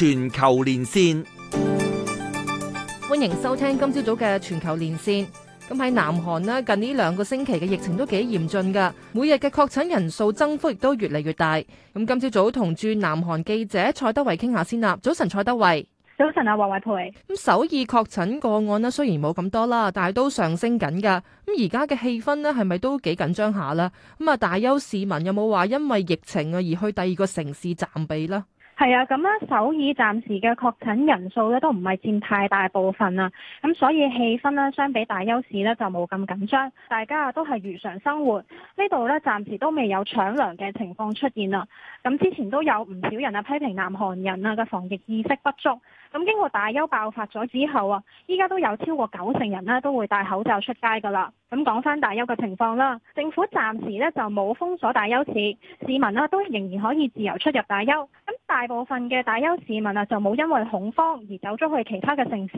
全球連線，歡迎收聽今朝早嘅全球連線。咁、嗯、喺南韓咧，近呢兩個星期嘅疫情都幾嚴峻噶，每日嘅確診人數增幅亦都越嚟越大。咁、嗯、今朝早同駐南韓記者蔡德蕙傾下先啦。早晨，蔡德蕙。早晨啊，王慧蓓。咁、嗯、首爾確診個案咧，雖然冇咁多啦，但係都上升緊噶。咁而家嘅氣氛咧，係咪都幾緊張下啦？咁、嗯、啊，大邱市民有冇話因為疫情啊而去第二個城市暫避呢？係啊，咁呢首爾暫時嘅確診人數咧都唔係佔太大部分啦，咁所以氣氛咧相比大邱市呢就冇咁緊張，大家啊都係如常生活。呢度呢，暫時都未有搶糧嘅情況出現啦。咁之前都有唔少人啊批評南韓人啊嘅防疫意識不足，咁經過大邱爆發咗之後啊，依家都有超過九成人呢都會戴口罩出街㗎啦。咁講翻大邱嘅情況啦，政府暫時呢就冇封鎖大邱市，市民咧都仍然可以自由出入大邱。大部分嘅大邱市民啊，就冇因為恐慌而走咗去其他嘅城市。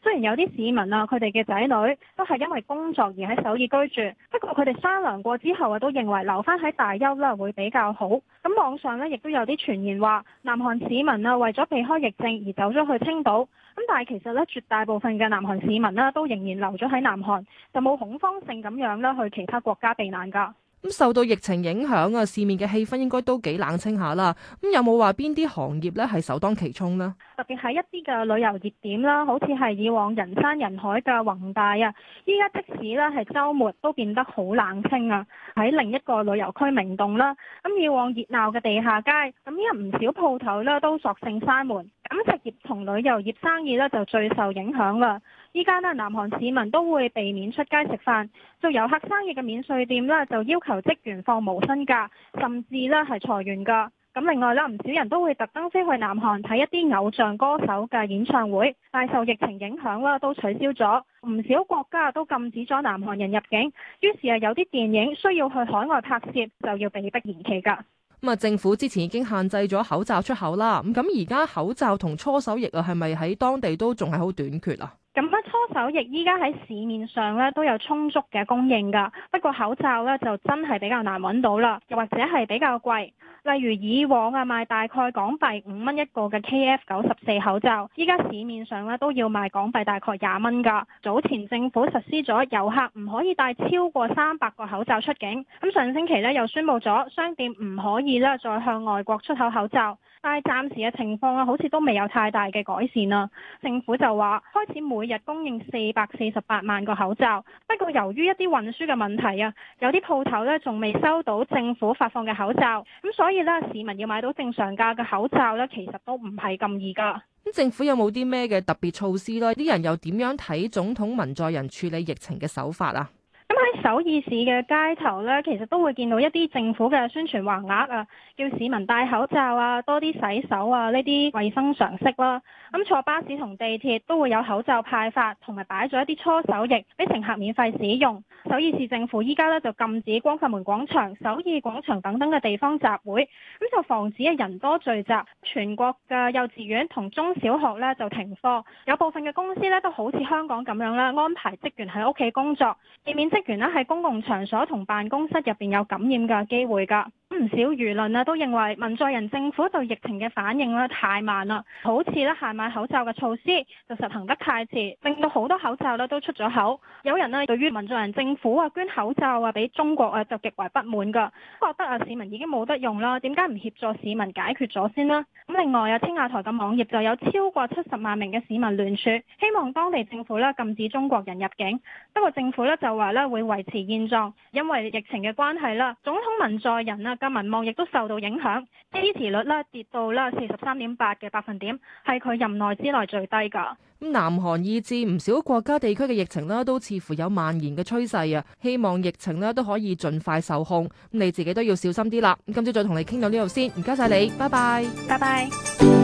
雖然有啲市民啊，佢哋嘅仔女都係因為工作而喺首爾居住，不過佢哋商量過之後啊，都認為留翻喺大邱啦會比較好。咁網上咧亦都有啲傳言話南韓市民啊，為咗避開疫症而走咗去青島。咁但係其實咧，絕大部分嘅南韓市民啦，都仍然留咗喺南韓，就冇恐慌性咁樣啦，去其他國家避難噶。咁受到疫情影響啊，市面嘅氣氛應該都幾冷清下啦。咁、嗯、有冇話邊啲行業咧係首當其衝呢？特別係一啲嘅旅遊熱點啦，好似係以往人山人海嘅宏大啊，依家即使咧係週末都變得好冷清啊。喺另一個旅遊區明洞啦，咁以往熱鬧嘅地下街，咁依家唔少鋪頭咧都索性閂門。飲食業同旅遊業生意呢，就最受影響啦。依家呢，南韓市民都會避免出街食飯，做遊客生意嘅免稅店呢，就要求職員放無薪假，甚至呢係裁員噶。咁另外咧，唔少人都會特登飛去南韓睇一啲偶像歌手嘅演唱會，但係受疫情影響啦，都取消咗。唔少國家都禁止咗南韓人入境，於是啊，有啲電影需要去海外拍攝就要被迫延期噶。咁啊，政府之前已經限制咗口罩出口啦。咁而家口罩同搓手液啊，係咪喺當地都仲係好短缺啊？咁啊，搓手液依家喺市面上咧都有充足嘅供應㗎，不過口罩咧就真係比較難揾到啦，又或者係比較貴。例如以往啊，賣大概港幣五蚊一個嘅 KF 九十四口罩，依家市面上咧都要賣港幣大概廿蚊噶。早前政府實施咗遊客唔可以帶超過三百個口罩出境，咁上星期呢又宣布咗商店唔可以咧再向外國出口口罩，但係暫時嘅情況啊，好似都未有太大嘅改善啊。政府就話開始每日供應四百四十八萬個口罩，不過由於一啲運輸嘅問題啊，有啲鋪頭呢仲未收到政府發放嘅口罩，咁所以。所以市民要買到正常價嘅口罩咧，其實都唔係咁易㗎。政府有冇啲咩嘅特別措施呢？啲人又點樣睇總統文在寅處理疫情嘅手法啊？咁喺首爾市嘅街頭呢，其實都會見到一啲政府嘅宣傳橫額啊，叫市民戴口罩啊，多啲洗手啊，呢啲衛生常識啦，啊。咁坐巴士同地鐵都會有口罩派發，同埋擺咗一啲搓手液俾乘客免費使用。首爾市政府依家咧就禁止光化門廣場、首爾廣場等等嘅地方集會，咁就防止啊人多聚集。全國嘅幼稚園同中小學咧就停課，有部分嘅公司咧都好似香港咁樣啦，安排職員喺屋企工作，避免職員呢喺公共場所同辦公室入邊有感染嘅機會㗎。唔少輿論啊，都認為文在寅政府對疫情嘅反應咧太慢啦，好似咧限買口罩嘅措施就實行得太遲，令到好多口罩咧都出咗口。有人咧對於文在寅政府啊捐口罩啊俾中國啊就極為不滿，噶覺得啊市民已經冇得用啦，點解唔協助市民解決咗先啦？咁另外有青瓦台嘅網頁就有超過七十萬名嘅市民聯署，希望當地政府咧禁止中國人入境。不過政府咧就話咧會維持現狀，因為疫情嘅關係啦，總統文在寅啊民望亦都受到影響，支持率呢跌到呢四十三點八嘅百分點，係佢任內之內最低㗎。咁南韓以至唔少國家地區嘅疫情呢都似乎有蔓延嘅趨勢啊，希望疫情呢都可以盡快受控。咁你自己都要小心啲啦。咁今朝再同你傾到呢度先，唔該晒你，拜拜，拜拜。